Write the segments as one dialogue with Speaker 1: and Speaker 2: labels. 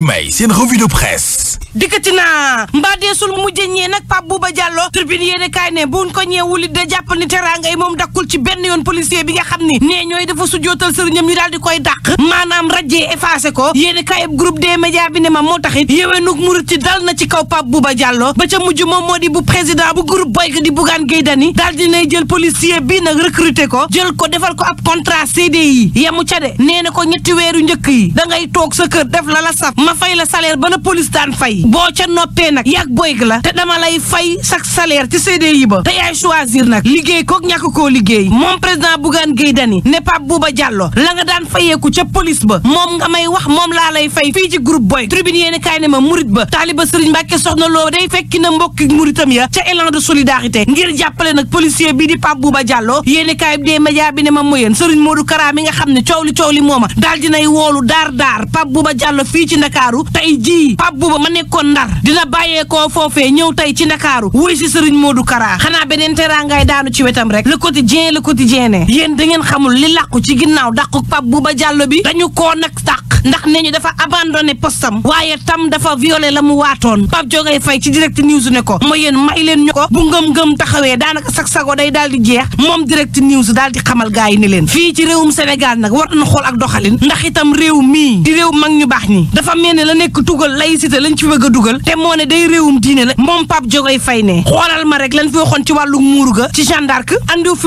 Speaker 1: may seen revue de presse
Speaker 2: dikkati naa mbaa deesul mujj ñee nag Pape Bouba Diallo tribune yéene kaay ne buñ ko ñeewuli da jàppal ni teraanga yi moom dakkul ci benn yoon policier bi nga xam ni nee ñooy dafa sujjootal sëriñam ñu daal di koy dàq maanaam rajee effacé ko yéene kaay groupe des médias bi ne ma moo taxit yéwénuk murit ci dal na ci kaw Pape Bouba Diallo ba ca mujj moom moo di bu président bu groupe boyk di Bougane Gueye Dany daal di nay jël policier bi nag recruter ko jël ko defal ko ab contrat CDI yamu ca de ko ñetti weeru njëkk yi da toog sa kër def la la saf ma fay la salaire ba la police daan fay boo ca noppee nag yàgg boy la te dama lay fay chaque salaire ci CD yi ba te yaay choisir nag liggéey kook ñàkk koo liggéey moom président Bougane Gueye Dany ne Pape Bouba Diallo la nga daan fayeeku ca police ba moom nga may wax moom laa lay fay fii ci groupe boy tribune yéeni kaay ne ma murit ba taaliba Serigne Mbacke soxna loo day fekki na mbokki muritam ya ca élan de solidarité ngir jàppale nag policier bii di Pape Bouba Diallo yéeni kaay bi dee bi ne ma moyeen Serigne Modou Kara mi nga xam ne coow li coow li mooma daal dinay woolu daar daar Pape Bouba Diallo fii ci Ndakaaru ndakaaru tey jii Pape Bouba ma nekkoon ndar dina bàyyeekoo foofee ñëw tey ci ndakaaru wuy si sëriñ du Kara xanaa beneen teraangaay daanu ci wetam rek le quotidien le quotidien ne yéen da ngeen xamul li làqu ci ginnaaw dàqu bu ba Diallo bi dañu koo nag tàq ndax nee ñu dafa abandonné postam waaye tam dafa violé la mu waatoon Pape Diogay fay ci direct news ne ko mooy yéen may leen ñu ko bu ngëm-ngëm taxawee daanaka sag sago day daal di jeex moom direct news daal di xamal gaa yi ne leen fii ci réewum Sénégal nag war na xool ak doxalin ndax itam réew mii di réew mag ñu baax ñi dafa mel ne la nekk tugal laïcité lañ ci bëgg a dugal te moo ne day réewum diine la moom Pape Diogay Faye ne xoolal ma rek lañ fi waxoon ci wàllu muuru ci Jeanne d'Arc andiw fi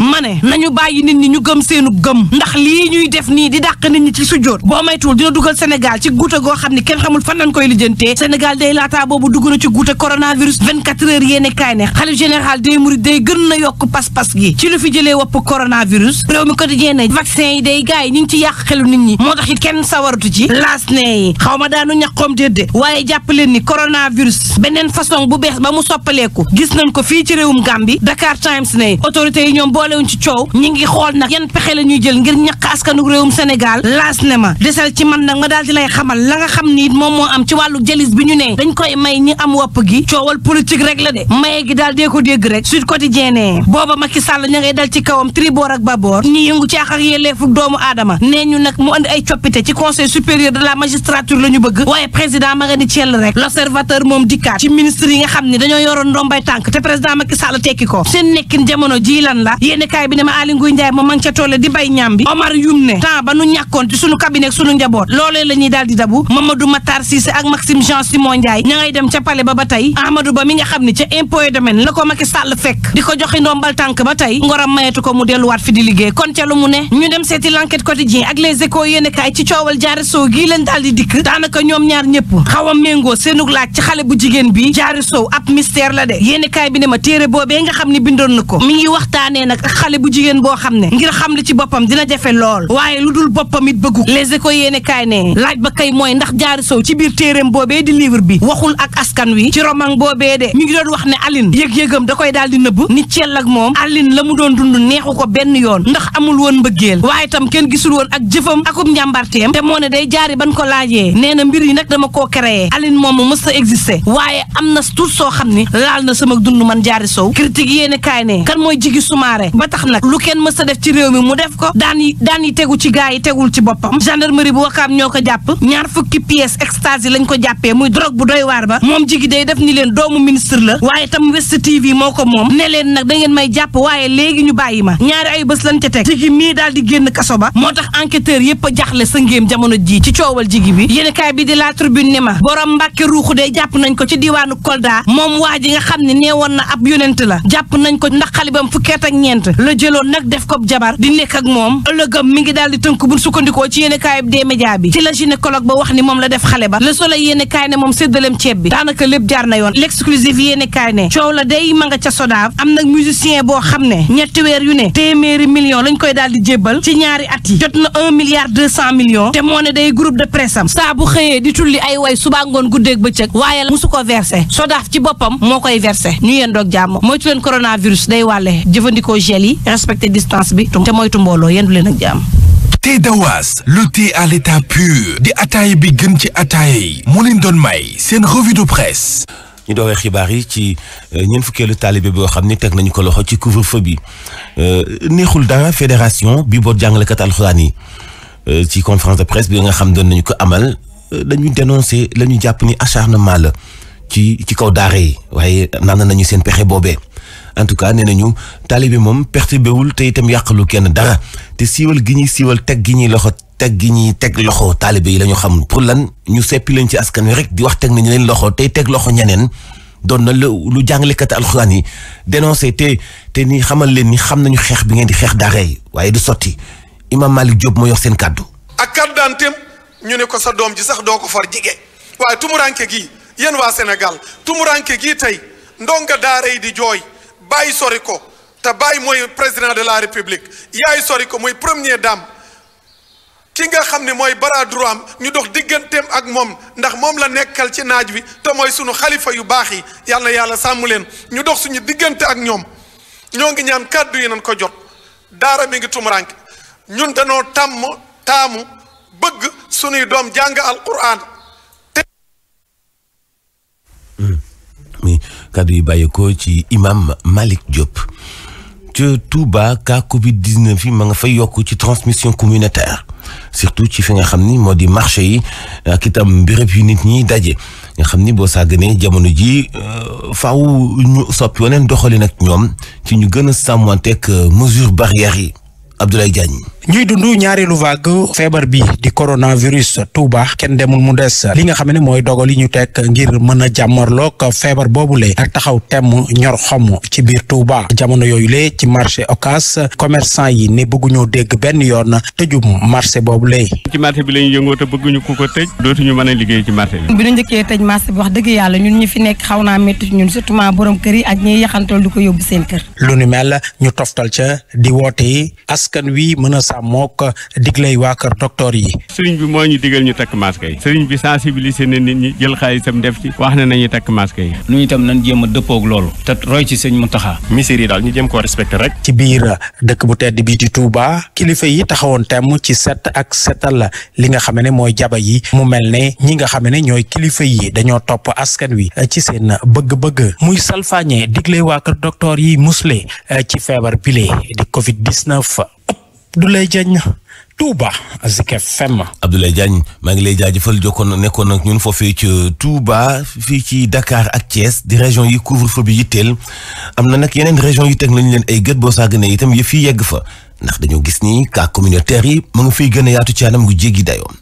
Speaker 2: ma ne nañu bàyyi nit ñi ñu gëm seenu gëm ndax lii ñuy def nii di dàq nit ñi ci sujjóot maytuwul dina dugal Sénégal ci guuta goo xam ne kenn xamul fan lañ koy lijjantee Sénégal day laataa boobu dugg na ci guuta coronavirus 24 heures yéene kaay ne xalif général day muri day gën na yokk pas-pas gi ci lu fi jëlee wopp coronavirus réew mi quotidien ne vaccin yi day gaay yi ñu ngi ci yàq xelu nit ñi moo tax it kenn sawaratu ci laas ne yi xaw ma daanu ñaqoom déedéet waaye jàpp leen ni coronavirus beneen façon bu bees ba mu soppaleeku gis nañ ko fii ci réewum Gambie Dakar Times ne autorités yi ñoom boolewuñ ci coow ñi ngi xool nag yan pexe la ñuy jël ngir ñaq askanu réewum Sénégal laas ne ma desal ci man nag ma daal di lay xamal la nga xam ni moom moo am ci wàllu jalis bi ñu ne dañ koy may ñi am wopp gi coowal politique rek la de maye gi daal dee ko égg rek Sud Quotidien ne booba Macky Sall ña ngay dal ci kawam triboor ak baboor ñi yëngu ci àq ak yelleefu doomu aadama nee ñu nag mu andi ay coppite ci conseil supérieur de la magistrature la ñu bëgg waaye président ma nga ni ciel rek l'observateur moom dikkaat ci ministre yi nga xam ne dañoo yoroon ndombay tànk te président Macky Sall tekki ko seen nekkin jamono ji lan la yéeni kaay bi ne ma Aly Ngouille Ndiaye moom ma ngi bay ñaam bi Omar Youm sunu njaboot loolee la ñuy daal di dabu Mamadou Matar Cissé ak Maxime Jean Simon Ndiaye ña dem ca palais ba ba tey Amadou Ba mi nga xam ne ca impôt domaine la ko Macky Sall fekk di ko joxe ndombal tànk ba tey ngoram mayetu ko mu delluwaat fi di liggéey kon ca lu mu ne ñu dem seeti l'enquête quotidien ak les échos yéen kaay ci coowal jaare sow gii leen daal di dikk daanaka ñoom ñaar ñëpp xaw a méngoo seenug laaj ci xale bu jigéen bi jaare sow ab mystère la de yéen kaay bi ne ma téere boobee nga xam ne bindoon na ko mi ngi waxtaanee nag ak xale bu jigéen boo xam ne ngir xam li ci boppam dina jafe lool waaye lu dul boppam it bëggu yéene kaay ne laaj ba kay mooy ndax jaari sow ci biir téeréem boobee di livre bi waxul ak askan wi ci roman boobee de mi ngi doon wax ne Aline yëg-yëgam da koy daal di nëbb ni ceel ak moom Aline la mu doon dund neexu ko benn yoon ndax amul woon mbëggeel waaye tam kenn gisul woon ak jëfam akum njàmbarteem te moo ne day jaari ban ko laajee nee na mbir yi nag dama koo créé Aline moomu mës a existé waaye am na tuut soo xam ni laal na sama dund man jaari sow critique yéene kan mooy jigi sumaare ba tax nag lu kenn mës a def ci réew mi mu def ko daan yi ci gaa yi tegul ci boppam gendarmerie bu wakaam ñoo ko jàpp ñaar fukki pièces extase yi lañ ko jàppee muy drogue bu doy waar ba moom jigi day def ni leen doomu ministre la waaye tam West TV moo ko moom ne nag da ngeen may jàpp waaye léegi ñu bàyyi ma ñaari ay bés lañ ca jigi mii daal génn kaso ba moo tax enquêteur yépp jaxle sa ngéem jamono ji ci coowal jigi bi yéenekaay bi di la tribune ne ma borom mbàkke ruuxu dee jàpp nañ ko ci diwaanu Kolda moom waa ji nga xam ne nee woon na ab yonent la jàpp nañ ko ndax xalibam fukkeet ak ñeent la jëloon nag def ko jabar di nekk ak moom ëllëgam mi ngi daal des médias bi ci la gynécologue ba wax ni moom la def xale ba le soleil yéene kaay ne moom séddaleem ceeb bi daanaka lépp jaar na yoon l'exclusif yéene kaay ne coow la day a nga ca sodaab am nag musicien boo xam ne ñetti weer yu ne téeméeri million lañ koy daal di jébbal ci ñaari at yi jot na un milliard deux cent millions te moo ne day groupe de presse am saa bu xëyee di tulli ay way subaa ngoon guddeeg bëccëg waaye la musu ko verse sodaaf ci boppam moo koy versé ñu yéen doog jàmm moytu leen coronavirus day wàlle jëfandikoo gel yi respecté distance bi te moytu mbooloo yendu leen ak jàmm
Speaker 3: thé dawas le thé à l'état pur di ataay bi gën ci ataay moo leen doon may seen revue de presse ñu dooree xibaar yi ci euh, ñeent fukkeelu taalibe boo xam ni teg nañu ko loxo ci couvre-feu bi euh, neexul dara fédération bi boo jàngalekat alxuraan yi euh, ci conférence de presse bi nga xam doon nañu ko amal dañu dénoncé la ñu jàpp ni acharnement la ci ci kaw daara yi waaye naan nañu seen pexe boobee en tout cas nee nañu taalibe moom perturbéwul te itam yàqalu kenn dara te siiwal gi ñuy siiwal teg gi ñuy loxo teg gi ñuy teg loxo taalibe yi la ñu xam pour lan ñu seppi leen ci askan wi rek di wax teg nañu leen loxo tey teg loxo ñeneen doon na lu jàngalekat alxuraan yi dénoncé te te nii xamal leen ni xam nañu xeex bi ngeen di xeex daara yi waaye du sotti Imam Malick jóob moo yox seen kàddu
Speaker 4: ak carte d'identité ñu ne ko sa doom ji sax doo ko far jige waaye tumuranke gii yéen waa Sénégal tumuranke gii tey ndonga di jooy bàyyi sori ko te bàyyi mooy président de la république yaay sori ko mooy première dame ki nga xam ne mooy bara droit am ñu dox digganteem ak moom ndax moom la nekkal ci naaj wi te mooy suñu xalifa yu baax yi yàlla yàlla sàmm leen ñu dox suñu diggante ak ñoom ñoo ngi ñaan kàddu yi nañ ko jot daara mi ngi tumurank ñun danoo tàmm taamu bëgg suñuy doom jàng alquran
Speaker 3: kàddu yi bàyyeekoo ci imam Malick Diop. ca Touba cas Covid 19 yi ma nga fay yokk ci transmission communautaire surtout ci fi nga xam ni moo di marché yi ak itam béréb yu nit ñiy daje nga xam ni boo sàgganee jamono ji euh, faaw ñu soppi waneen doxalin ak ñoom ci ñu gën a sàmmanteeg euh, mesure barrière yi Abdoulaye Diagne.
Speaker 1: ñuy dund lu vague feebar bi di coronavirus Touba kenn demul mu des li nga xam ne mooy dogal yi ñu teg ngir mën a jàmmarloog feebar boobule ak taxaw temm ñor xom ci biir Touba jamono yooyu le ci marché Ocass commerçant yi ne bëgguñoo dégg benn yoon tëjum boobu boobule. ci marché bi la ñu yëngoo te bëgguñu ku ko tëj dootuñu mën a liggéey ci marché bi.
Speaker 2: bi ñu njëkkee wax dëgg yàlla ñun ñi fi nekk xaw naa métti ñun surtout maa borom kër yi ak ñiy yaxantal du ko yóbbu seen kër.
Speaker 1: lu ni mel ñu toftal ca di woote askan wi sàmmook diglay waa kër docteur yi. sëriñ bi moo ñu digal ñu takk masque yi. sëriñ bi sensibiliser na nit ñi jël xaalisam def ci. wax na nañu takk masque yi. nu itam nañ jéem a dëppoog loolu. te roy yi daal ñu jéem koo respecté rek. ci biir dëkk bu tedd bii di Touba kilifa yi taxawoon tem ci set ak setal li nga xam ne mooy jaba yi mu mel ne ñi nga xam ne ñooy kilifa yi dañoo topp askan wi ci seen bëgg-bëgg muy salfaañe digle waa kër yi musle ci feebar bile di Covid 19. Abdoulaye Diagne Touba Zik FM. Abdoulaye Diagne maa ngi lay jaajëfal jokkoon nekkoon ak
Speaker 3: ñun foofee ci Touba fii ci Dakar ak Thiès di région yi couvre-feu bi yitteel am na nag yeneen région yi teg nañ leen ay gët boo saa gënee itam yëf yi yegg fa ndax dañoo gis ni cas communautaire yi mu ngi fi gën a yaatu ci anam gu jeggi dayoon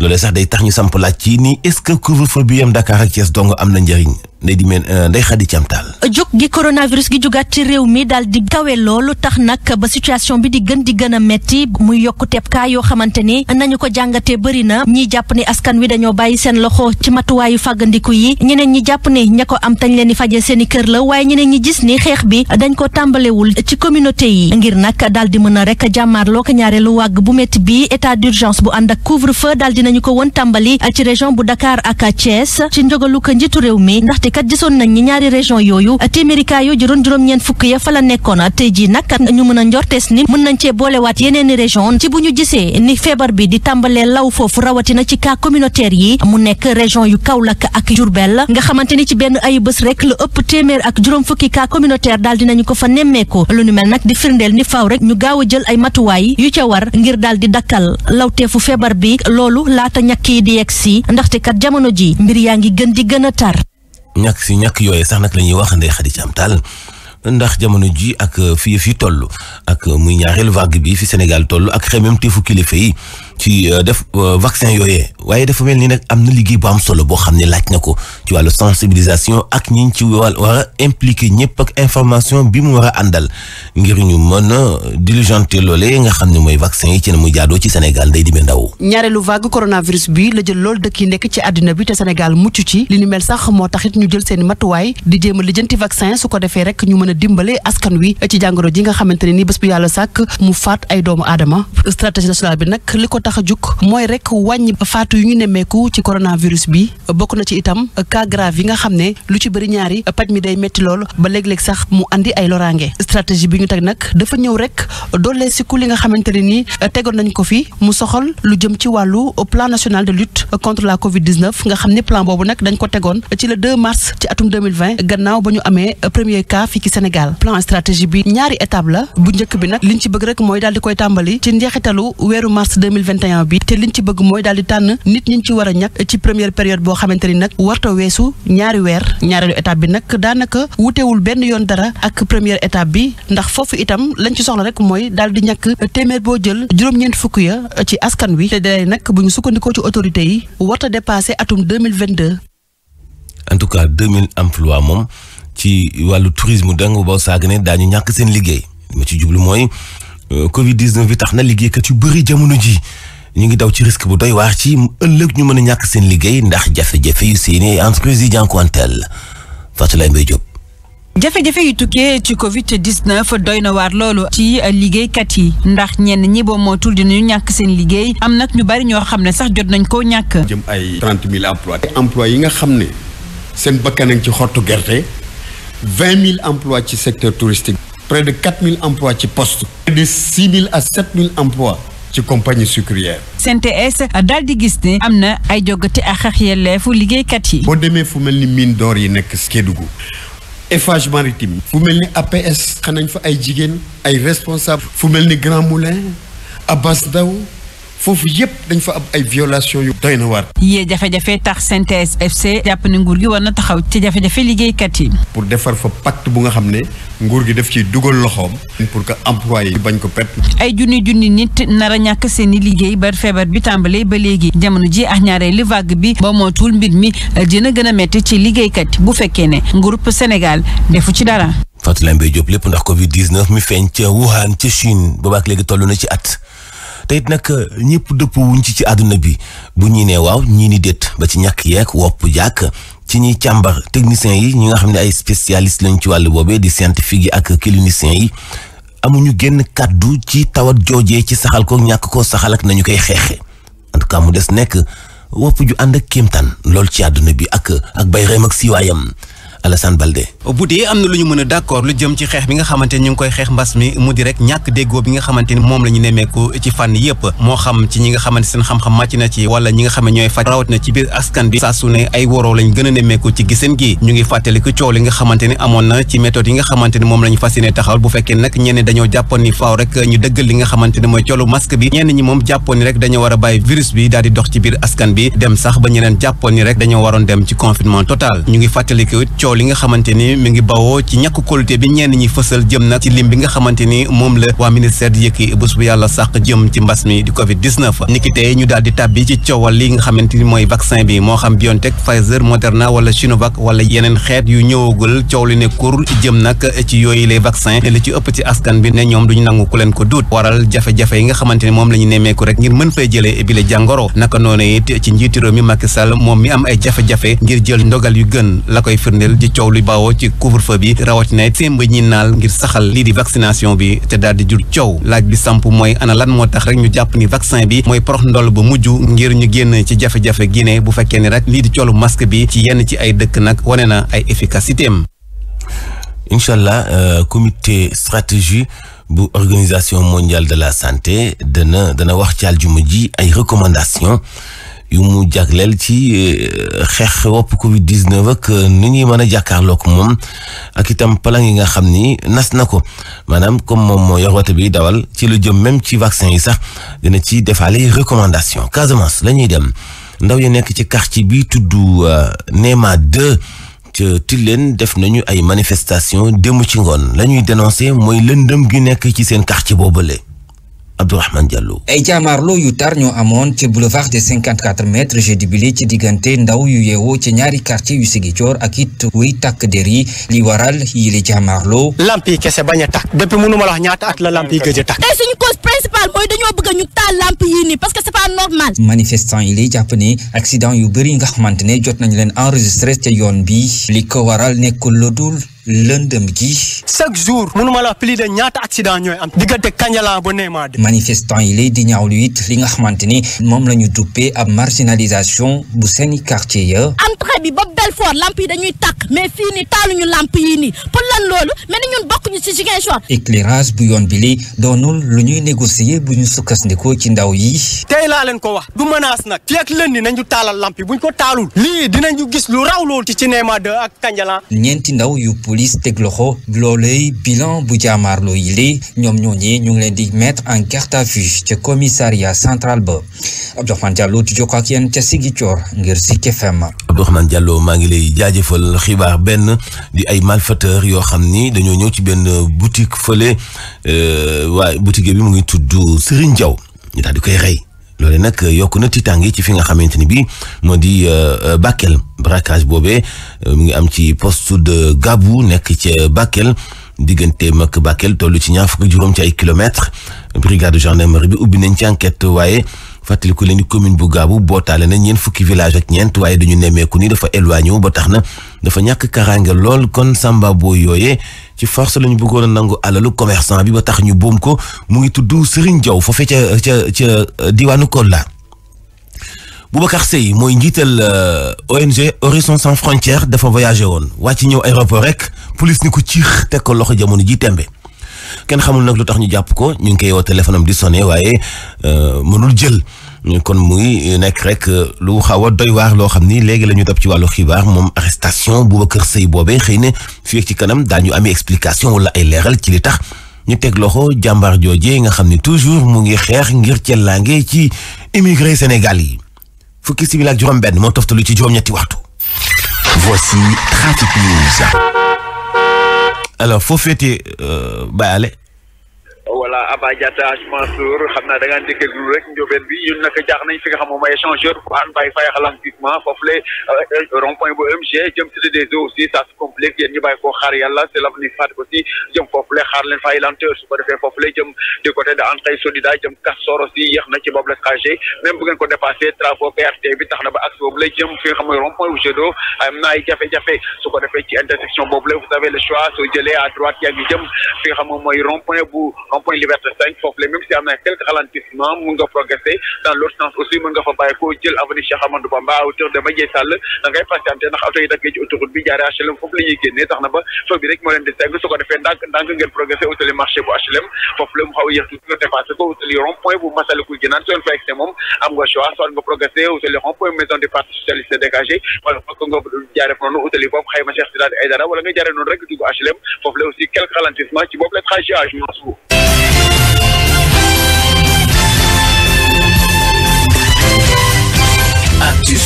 Speaker 3: loolee sax day tax ñu samp laaj ci nii est-ce que couvre-feu bi yam Dakar ak Thiès dong am na njëriñ. ndey di mel euh, ndey xadi ci am
Speaker 5: jóg gi coronavirus gi jugaat ci réew mi daal di kawe loolu tax nag ba situation bi di gën di gën a metti muy yokk tepp kaa yoo xamante ni nañu ko jàngatee bëri na ñiy jàpp ni askan wi dañoo bàyyi seen loxo ci matuwaayu fàggandiku yi ñeneen ñi jàpp ni ña ko am tañ leen di fajee seen i kër la waaye ñeneen ñi gis ni xeex bi dañ ko tàmbalewul ci communauté yi ngir nag daal di mën a rek jàmmaarloo ko ñaareelu wàgg bu métti bi état d'urgence bu ànd ak couvre-feu daal nañu ko woon tàmbali ci région bu Dakar ak Thiès ci njogalu ko njiitu réew mi fàttali kat gisoon nañ ñaari région yooyu téeméeri kaa yoo jëroon juróom-ñeent fukk ya fa la nekkoon tey ji nag ñu mën a njortees ni mën nañ cee boolewaat yeneeni région ci bu ñu gisee ni feebar bi di tàmbalee law foofu rawatina ci cas communautaire yi mu nekk région yu Kaolack ak Diourbel nga xamante ni ci benn ay bés rek lu ëpp téeméer ak juróom fukki cas communautaire daal dinañu ko fa nemmeeku lu nu mel nag di firndeel ni faw rek ñu gaaw a jël ay matuwaay yu ca war ngir daal di dakkal lawteefu feebar bi loolu laata ñàkk yi di yegg si ndaxte kat jamono ji mbir yaa ngi gën di gën a tar
Speaker 3: ñàkk si ñàkk yooyee sax nag la ñuy wax Ndeye Khady Thiam tal ndax jamono ji ak fii fi toll ak mu ñaareelu vague bi fi Sénégal toll ak xemem teefu kilifa yi ci euh, def euh, vaccin yooyee waaye dafa mel ni nag am na liggéey bu am solo boo xam ne laaj na ko ci wàllu sensibilisation ak ñi ci wàll war a ñëpp ak information bi mu war a àndal ngir ñu mën a diligenter loolee nga xam ni mooy vaccin yi ci ne mu jaadoo ci Sénégal day dimee ndaw
Speaker 6: ñaareelu vague coronavirus bi la jël lool dëkk yi nekk ci àddina bi te Sénégal mucc ci li ni mel sax moo taxit ñu jël seen matuwaay di jéem a lijjanti vaccin su ko defee rek ñu mën a dimbale askan wi ci jàngoro ji nga xamante ne ni bés yàlla sàkk mu faat ay doomu aadama tax a mooy rek wàññi faatu yu ñu nemmeeku ci coronavirus bi bokk na ci itam cas grave yi nga xam ne lu ci bëri ñaari paj mi day métti lool ba léeg-léeg sax mu andi ay loraange stratégie bi ñu teg nag dafa ñëw rek doole si ku li nga xamante ne nii tegoon nañ ko fi mu soxal lu jëm ci wàllu plan national de lutte contre la Covid 19 nga xam ne plan boobu nag dañ ko tegoon ci le mars ci atum gannaaw ba ñu amee premier cas fii ci Sénégal plan stratégie bi ñaari 2021 bi te liñ ci bëgg mooy daal di tànn nit ñi ci war a ñàkk ci première période boo xamante ni nag warta weesu ñaari weer ñaareelu étape bi nag daanaka wutewul benn yoon dara ak première étape bi ndax foofu itam lañ ci soxla rek mooy daal di ñàkk téeméer boo jël juróom-ñeent fukk ya ci askan wi te nag bu ñu sukkandikoo ci autorité yi warta dépassé atum 2022
Speaker 3: en tout cas 2000 emploi moom ci wàllu tourisme dangu boo saag ne daañu ñàkk seen liggéey ma ci jublu mooy Euh, Covid 19 bi tax na liggéeykat yu bëri jamono ji ñu ngi daw ci risque bu doy waar ci ëllëg ñu mën a ñàkk seen liggéey ndax jafe-jafe yu seeni entreprise yi jànkuwanteel Fatou Mbaye Diop.
Speaker 2: jafe-jafe yu tukkee ci Covid 19 doy na waar loolu ci liggéeykat yi ndax ñenn ñi boo mootul dinañu ñàkk seen liggéey am nag ñu bari ñoo xam ne sax jot nañ koo ñàkk. jëm
Speaker 4: ay trente mille emplois. emplois yi nga xam ne seen bakkan ci xottu gerte vingt mille emplois ci secteur touristique. près de 4000 emplois ci poste près de 6000 à 7000 emplois ci compagnie sucrière
Speaker 2: CNTS daal di gis ni am na ay jogati ak xeex yelleefu liggéeykat yi
Speaker 4: boo demee fu mel ni mine door yi nekk Kédougou Eiffage Maritime fu mel ni APS xanañ fa ay jigéen ay responsable fu mel ni Grand Moulin Abass Ndao foofu yëpp dañ fa ab ay violation yu doy na waar.
Speaker 2: yee jafe-jafe tax synthèse FC jàpp ne nguur gi war na taxaw ci jafe-jafe liggéeykat yi.
Speaker 4: pour defar fa pacte bu nga xam ne nguur gi def ci dugal loxoom. pour que employé yi bañ ko perte.
Speaker 2: ay junni junni nit nar a ñàkk seeni liggéey ba feebar bi tàmbalee ba léegi jamono ji ak ñaareelu vague bi ba moo mootul mbir mi a gën a métti ci liggéeykat yi bu fekkee ne groupe Sénégal defu ci dara.
Speaker 3: Fatou Lambe Diop lépp ndax Covid 19 mi feeñ ca Wuhan ca Chine boobaak léegi toll na ci at. te it nag euh, ñëpp dëppoo ci ci àdduna bi bu ñii nee waaw ñii ni déet ba ci ñàkk yeeg wopp jàkk ci ñuy càmbar techniciens yi ñi nga xam ne ay spécialiste lañ ci wàllu boobee di scientifique yi ak cliniciens yi amuñu génn kàddu ci tawat joojee ci saxal ko ñàkk ko saxal ak nañu koy xeexe en tout mu des nekk wopp ju ànd ak kéemtaan lool ci àdduna bi ak ak bay reem ak siiwaayam Alassane Baldé bu dee am na lu ñu mën a d'accord
Speaker 7: lu jëm ci xeex bi nga xamante ni ñu ngi koy xeex mbas mi mu di rek ñàkk déggoo bi nga xamante ni moom la nemmeeku ci giseen gi ñu ngi fàttaliku coow li nga xamante ni amoon na ci méthode yi nga xamante ni moom la ñu taxawal bu fekkee nag ñenn dañoo jàppoon ni faaw rek ñu dëggal li nga xamante ni mooy colu masque bi ñenn ñi moom jàppoon ni rek dañoo war bàyyi virus bi daal dox ci biir askan bi dem sax ba ñeneen li nga xamante ni mi ngi bawoo ci ñàkk kóolute bi ñenn ñi fësal jëm nag ci lim bi nga xamante ni moom la waa ministère di yëkki bés bu yàlla sàq jëm ci mbas mi di covid 19 niki tey ñu daal di tàbbi ci coowal li nga xamante ni mooy vaccin bi moo xam BioNTech Pfizer Moderna wala Sinovac wala yeneen xeet yu ñëwagul coow li ne kur jëm nag ci yooyu les vaccin ne li ci ëpp ci askan bi ne ñoom duñu nangu ku leen ko duut waral jafe-jafe yi nga xamante ni moom la ñu nemmeeku rek mën fay jëlee bi jàngoro naka noonu it ci njiitu mi Macky Sall moom mi am ay jafe ngir jël ndogal yu gën la koy firndeel ci coow li bawoo ci couvre-feu bi rawatina sémb ñi naal ngir saxal lii di vaccination bi te daal di jur coow laaj bi samp mooy ana lan moo tax rek ñu jàpp ni vaccin bi mooy porox ndoll ba mujj ngir ñu génn ci jafe-jafe Guinée bu fekkee ni rek lii di
Speaker 3: coolu masque bi ci yenn ci ay dëkk nag wane na ay efficacité am incha allah euh, comité bu organisation mondial de la sante dana dana wax ci àljuma ji ay recommandations yu mu jagleel ci euh, xeex wopp Covid 19 ak euh, ni ñuy mën a jàkkaarloog moom ak itam plan yi nga xam ni nas na ko maanaam comme moom moo yor wata bi dawal ci lu jëm même ci vaccin yi sax dina ci defaale recommandation Casamance la ñuy dem ndaw yi nekk ci ci bi tudd Néma 2. ci Tilène def nañu ay manifestation démb ci ngoon la ñuy dénoncé mooy lëndëm gi nekk ci seen quartier boobale Abdourahmane Diallo.
Speaker 8: ay jaamaarloo yu tar ñoo amoon ci boulevard des cinquante quatre mètres jeudi bile ci diggante ndaw yu yeewoo ci ñaari quartier yu Sigicoor ak it wuy takk der yi li waral yi li jaamaarloo. lamp yi kese bañ a takk depuis mënu ma la ñaata ak la lamp yi gëj a takk. tey
Speaker 7: suñu cause principale mooy dañoo bëgg
Speaker 5: ñu taal lamp yi nii parce que c'est pas normal.
Speaker 8: manifestant yi lay jàpp ni accident yu bëri nga xamante ne jot nañu leen enregistré ca yoon bi li ko waral nekkul lu dul. lëndëm gi. chaque jour mënuma la plus de ñaata accident ñooy am diggante Kanjala ba Némade. manifestant yi lay di ñaawlu it li nga xamante ni moom la ñu duppee ab marginalisation bu seeni quartier ya.
Speaker 5: entrée Belfort lamp yi dañuy tàkk mais fii nii taaluñu lamp yi nii pour lan loolu mais
Speaker 1: ni
Speaker 8: yoon bi li doonul lu ñuy négocier bu ñu sukkandikoo ci ndaw yi.
Speaker 1: tey laa leen ko wax du menace nag fii ak lënd nañu taalal lamp yi buñ ko taalul lii
Speaker 8: dinañu gis lu raw loolu ci cinéma de ak Kanjalan. ñeenti ndaw yu police teg loxo loolee bilan bu jaamaarloo yi ñoom ñooñee ñu ngi leen di mettre en garde à vue ca commissariat central ba. Abdourahmane jalloo di jokkoo ak yéen ca Ziguinchor ngir Zik FM.
Speaker 3: Abdourahmane Diallo maa ngi lay jaajëfal xibaar benn di ay malfaiteurs yoo xam ni dañoo ñëw ci benn boutique fële euh, waaye boutique bi mu ngi tudd Serigne jaw ñu daal di koy rey. loole nag yokk na tiitaange ci fi nga xamante ni bii moo di euh, Bakel braquage boobee euh, mu ngi am ci poste de Gabou nekk ci Bakel diggante ak Bakel toll ci ñaar fukki juróom ci ay kilomètres brigade gendarmerie bi ubbi nañ ci enquête waaye fàttaliku leen commune bu Gaabu bootaale na ñeent fukki village ak ñeent waaye dañu nemmeeku ni dafa éloigné wu ba tax na dafa ñàkk karange lool kon Samba boo yooyee ci force lañu bëggoon a nangu alalu commerçant bi ba tax ñu boom ko mu ngi tudd Serigne Diaw foofee ca ca ca bu Kolda Boubacar Seye mooy njiital euh, ONG Horizon Sans Frontières dafa voyagé woon wàcc ñëw aéroport rek police ni ko ciix teg ko ji tembe kenn xamul nag lu tax ñu jàpp ko ñu ngi koy woo téléphone am di sonné waaye euh, mënul jël kon muy nekk rek euh, lu xaw a doy waar loo xam ni léegi lañu ñu dab ci wàllu xibaar moom bu Boubacar Seye boobe xëy ne fii ci kanam daañu amee explication wala ay leeral ci li tax ñu teg loxo jàmbaar jooje nga xam ne toujours mu ngi xeex ngir cellaange ci immigré Sénégal yi fukki simili ak juróom-benn moo toftalu ci juróom-ñetti waxtu. Voici Trafic News. alors foo féetee euh, Baye Ale
Speaker 4: voilà Aba Diatta Mansour xam naa da ngaa déglu rek njóobeen bi ñun nag jaax nañ fi nga xam échangeur pour ànd rond point bu MG euh, e jëm cité des eaux aussi ça se complique yéen ñu bàyyi koo xaar yàlla c'est l'avenir faat aussi jëm foofu la xaar leen fay lenteur su ko defee foofu la jëm du côté de entrée solida jëm Castor aussi yéex na ci boobu la trajet même bu ngeen ko dépassé travaux BRT bi tax na ba axe boobu la jëm fi nga rond point bu Jet am na jafe-jafe su ko rond-point Liberté si am na quelques ralentissements mun nga progresser dans l'autre sens aussi mun nga fa bàyyi ko jël avenue Cheikh Amadou Bamba de Madiaye Sall da ngay patienter ndax auto yi dakkee ci autoroute bi jaaree HLM foofu la ñuy génnee ba foofu bi rek moo leen di segg marché bu HLM foofu la maison du parti socialiste dégagé wala nga jaaree noonu rek dugg HLM foofu la aussi quelques ralentissements ci boobu la trajet
Speaker 3: Actu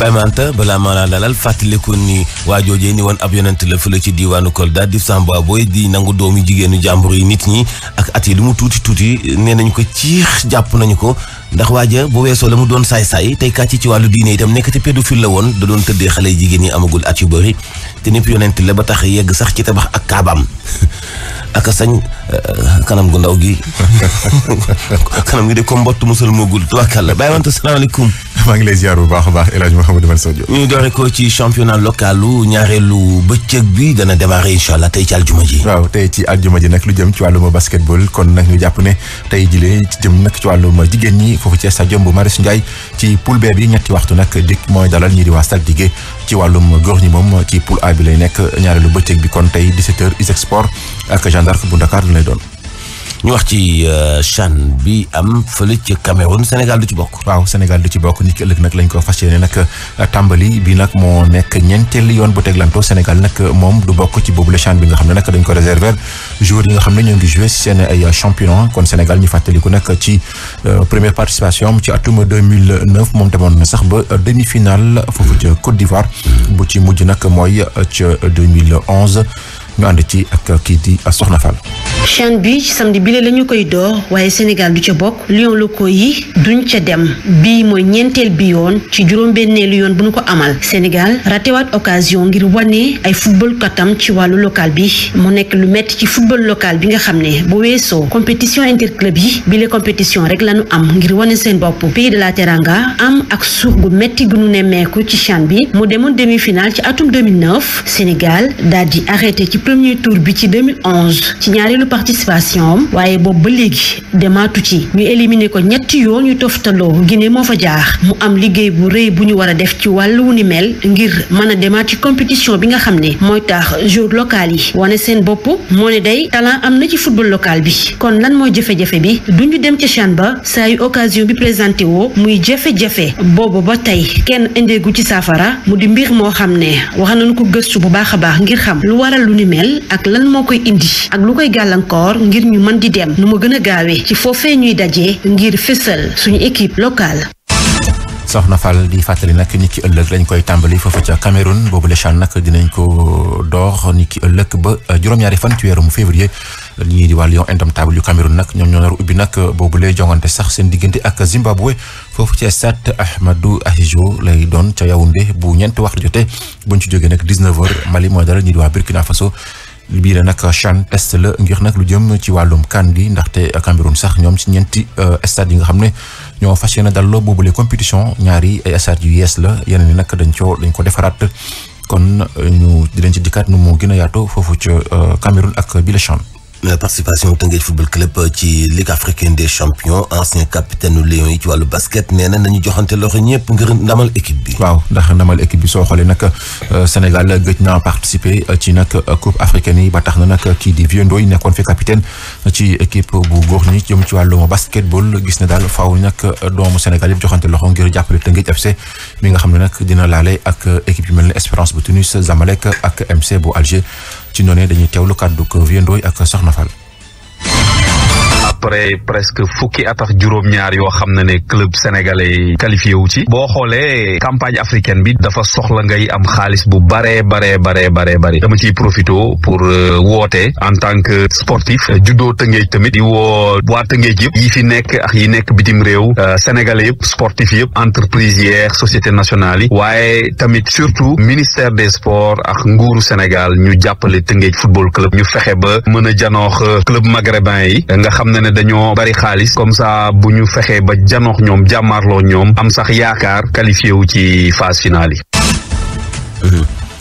Speaker 3: Baymanta balaa maa laa dalal fàttaliku ni waajoojee ni woon ab yonent la fële ci diiwaanu Kolda di Samba Boy di nangu doomi jigéenu jàmbur yi nit ñi ak at yi lu tuuti tuuti nee nañu ko ciix jàpp nañu ko ndax waaja bu weesoo la mu doon saay-saay tey kàcc ci wàllu diine itam nekk te pédophile la woon da doon tëddee xale jigéen ñi amagul at yu bari te népp yonent la ba tax yegg sax ci tabax ak kaabaam ak sañ euh, kanam gu ndaw gi kanam ngi de ko mbott musal moogul tubaakàlla bàyyi wante
Speaker 9: salaamaaleykum maa ngi lay ziar bu baax a baax El Hadj Mouhamadou Man Sodio
Speaker 3: ñu doore ko ci championnat localu
Speaker 9: ñaareelu bëccëg bi dana démarrer incha allah tey ci aljuma ji waaw tey ci aljuma ji nag lu jëm ci wàllum basketball kon nag ñu jàpp ne tey jile jëm nag ci wàllum jigéen ñi foofu ci stadium bu Marius Ndiaye ci poule B bi ñetti waxtu nag dikk mooy dalal ñi di waa Stade Ligue ci wàllum góor ñi moom ci poule A lay nekk ñaareelu bëccëg bi kon tey di h Iseg Sport ak gendarme bu Dakar lay doon. ñu wax ci euh, CHAN bi am fële ci Cameroun Sénégal du ci bokk. waaw Sénégal du ci bokk nit ki ëllëg nag lañ ko fas yéene nag euh, tàmbali bi nag moo nekk ñeenteel yoon bu teglantoo Sénégal nag euh, moom du bokk ci boobu la CHAN bi nga xam ne nag dañ ko réserver joueurs yi nga xam ne ñoo ngi joué seen ay championnat kon Sénégal ñu fàttaliku nag ci première participation am ci atum 2009 moom demoon na sax ba demi-finale foofu ca Côte d'Ivoire mm. bu ci mujj nag mooy ca 2011. ñu ànd ci ak
Speaker 10: CHAN bi samedi bile lañu koy doo waaye Sénégal du ca bokk lion locaux yi duñ ca dem bii mooy ñeenteel bi yoon ci juróom-benneelu yoon bu ñu ko amal Sénégal ratewaat occasion ngir wane ay football katam ci wàllu local bi mu nekk lu metti ci football local bi nga xam ne bu weesoo compétition interclub yi bile compétition rek lañu am ngir wane seen bopp pays de la Teranga am ak suuf gu metti gu ñu nemmeeku ci CHAN bi mu demoon demi-finale ci atum 2009 Sénégal daal di arrêté ci premier tour bi ci 2011 ci ñaareelu participation am waaye boobu ba léegi demaatu ci ñu éliminé ko ñetti yoon ñu toftaloo Guinée moo fa jaar mu am liggéey bu rëy bu ñu war a def ci wàllu ni mel ngir mën a demaat ci compétition bi nga xam ne mooy tax jour local yi wane seen bopp moo ne day talent am na ci football local bi kon lan mooy jafe-jafe bi duñu dem ca CHAN ba saa yu occasion bi présenté woo muy jafe-jafe boobu ba tey kenn indeegu ci saafara mu di mbir moo xam ne wax nañu ko gëstu baax a baax ak lan moo koy indi ak lu koy gàllankoor ngir ñu man di dem nu ma gën a gaawee ci foofee ñuy daje ngir fësal suñu équipe locale.
Speaker 9: soxna fal di fàttali nag ni ki ëllëg lañ koy tàmbali foofu ca Cameroun boobu le nak dinañ ko door ni ki ëllëg ba juróom-ñaari fan ci weeru février. ñii di waa Lion indomptable yu Cameroun nag ñoom ñoo nar ubbi nag boobu lay jongante sax seen diggante ak Zimbabwe foofu ci stade Ahmadou Ahidjo lay doon ca Yaoundé bu ñeenti waxtu jotee buñ ci jógee nag 19h Mali mooy dara ñii di waa Burkina Faso. bii la nag CHAN test la ngir nag lu jëm ci wàllum kan gi ndaxte Cameroun sax ñoom ci ñeenti euh, stade yi nga xam ne ñoo fas yéene dalloo boobule compétition ñaari ay stade yu yees la yeneen yi nag dañ ko dañ ko defaraat kon euh, ñu dinañ ci dikkaat nu mu gën a yaatu foofu ca euh, Cameroun ak bi CHAN Euh, participation Tëngéej
Speaker 3: football club euh, ci ligue africaine des champions ancien capitaine Lions yi ci wàllu basket nee na nañu
Speaker 9: joxante loxo ñëpp ngir ndamal équipe bi. waaw ndax ndamal équipe bi soo xoolee nag euh, Sénégal gëj naa participer ci nag coupe africaine yi ba tax na nag kii di Vieux Ndoye nekkoon fi capitaine ci équipe bu góor ñi jëm ci wàllu basketball gis ne daal faaw nag doomu Sénégal yëpp joxante loxo ngir jàppale Tëngéej FC mi nga xam ne nag dina laale ak équipe yu mel ne Espérance bu Tunis Zamalek ak MC bu Alger. ci noonee dañuy teewlu kàddu ko Vieux Ndoye ak Soxna Fall
Speaker 4: après presque fukki at ak juróom-ñaar yoo xam ne ne club sénégalais qualifié wu ci boo xoolee campagne africaine bi dafa soxla ngay am xaalis bu baree baree baree baree bëri dama ciy profito pour euh, woote en tant que sportif judo Tëngéej tamit yi woo waa Tëngéej yëpp yi fi nekk ak yi nekk bitim réew euh, sénégalais yëpp sportif yëpp entreprise yeex société nationale yi waaye tamit surtout ministère des sports ak nguuru Sénégal ñu jàppale Tëngéej football club ñu fexe ba mën a janoox euh, club maghrébin yi nga xam na ne dañoo bari xaalis comme ça bu ñu fexee ba janox ñoom jàmmaarloo ñoom am
Speaker 3: sax yaakaar qualifié ci phase finaali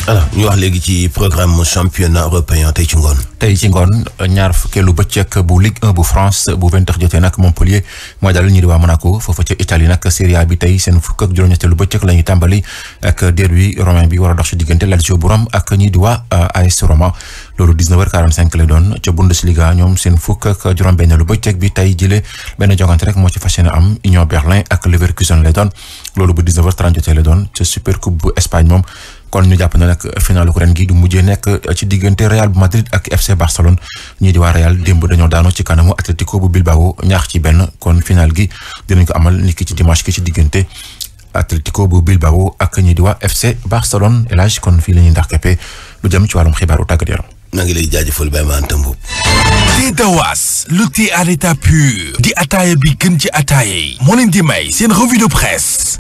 Speaker 3: alors ñu wax
Speaker 9: léegi ci programme championnat européen tey ci ngoon. tey ci ngoon ñaar fukkeelu bëccëg bu Ligue 1 bu France bu vingt heures jotee nag Montpellier mooy daal ñu di waa Monaco foofa ca Italie nag Serie A bi tey seen fukk ak juróom-ñetteelu la ñuy tàmbali ak derby romain bi war a dox ci diggante Lazio bu Rome ak ñi di waa euh, AS Roma loolu 19h45 lay doon ca Bundesliga ñoom seen fukk ak juróom-benneelu bëccëg bi tey jile benn jogante rek moo ci fas yéene am Union Berlin ak Leverkusen lay doon loolu bu 19h30 jotee lay doon ca Super Coupe bu Espagne moom. kon ñu jàpp na nag finalu ren gi du mujjee nekk ci diggante Real Madrid ak FC Barcelone ñii di waa Real démb dañoo daanoo ci kanamu Atlético bu Bilbao ñaax ci benn kon final gi dinañ ko amal niki ci dimanche ki ci diggante Atlético bu Bilbao ak ñii di waa FC Barcelone El kon fii la ñuy ndax keppe lu jëm ci wàllum xibaaru tàggat yaram. maa ngi lay jaajëfal Baye Mante Mbow. di dawas
Speaker 8: lu thé à l'état pur di ataaya bi gën ci ataaya yi moo leen di may seen revue de presse.